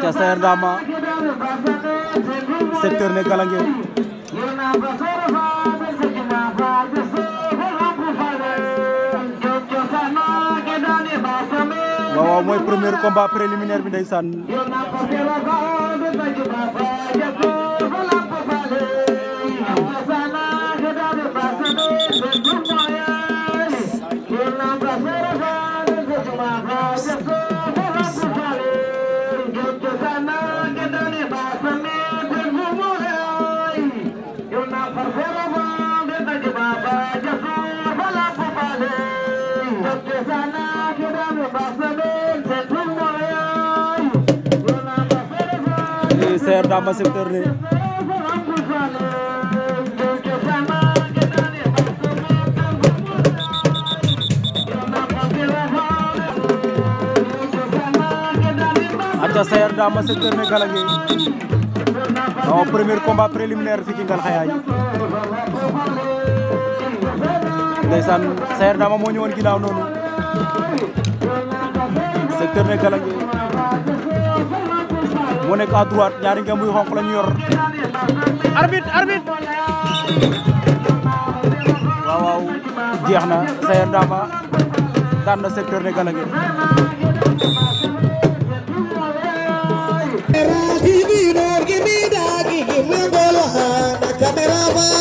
aca Sayer Ndama secteur ne galange waaw mooy premier combat préliminaire bi ndeysaan Serda Masuk Turni aca Sayar Dama secteur ne Gala Gueye premier combat préliminaire fii ci Ngalaxayaañ ndeysaan Sayar Dama moo ñëwoon ginnaaw noonu secteur ne Gala Gueye moo nekk à droite xonq la ñu yor arbitre arbitre waaw waaw jeex na Sayar Dama secteur ne Gala TV, you know, give me that, give me a dollar, camera.